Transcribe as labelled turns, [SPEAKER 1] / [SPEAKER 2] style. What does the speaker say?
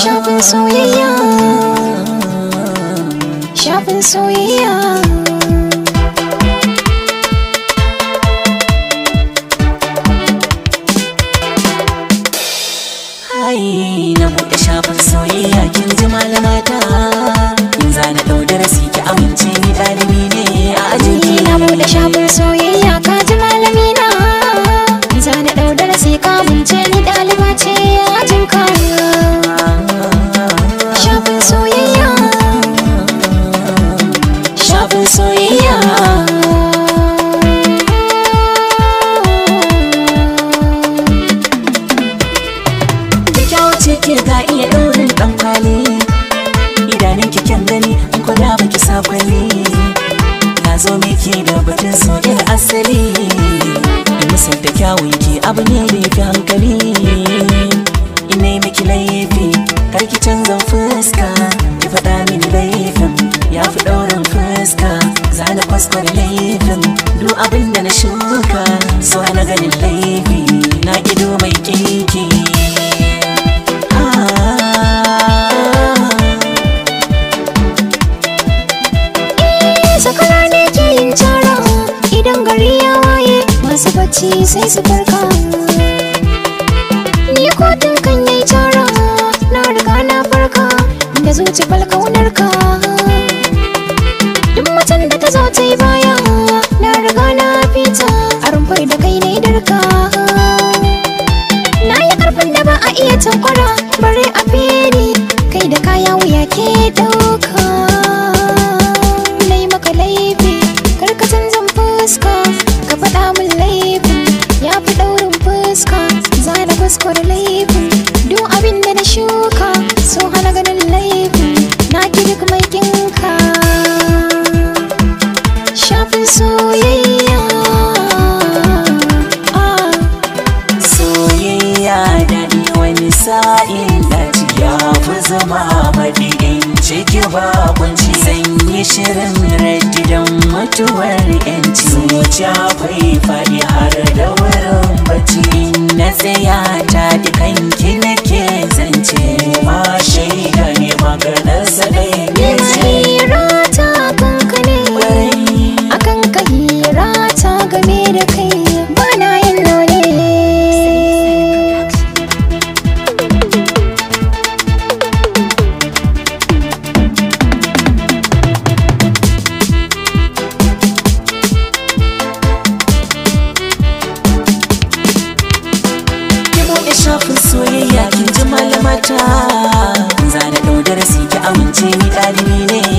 [SPEAKER 1] shafin soyayya shafin soyayya na buɗe shafin soyayya kin ji malama ta na ɗau darasi ki amince ni ɗalibi ne a ajinki na buɗe shafin soyayya cin soyar asali da musar da kyawun ki abu ne da fi hankali ina miki laifi kar ki canza fuska ki faɗa mini laifin ya fi ɗaurin fuska za na kwaskwar laifin duk abin da na shuka so na ganin laifi bacci sai su farka ni ko kan yi cara na riga na farka da zuci falkaunar ka duk macen da ta zo ta yi baya na riga na fita a rumfar da kai ne darka na yi karfin da ba a iya tankwara bare a fere kai da kaya wuya ke dawo soyayya soyayya daɗi wani sa'in daji ya fi zama maɗi ciki bakunci. zan yi shirin raddi don mutuwar yanci zuciya fai faɗi har da wurin bacci na tsaya ta dukanki nake zance ma shaida ne maganar sadai shafin soyayya kin ji malamata zane ɗau darasi ki amince ni ɗalibi ne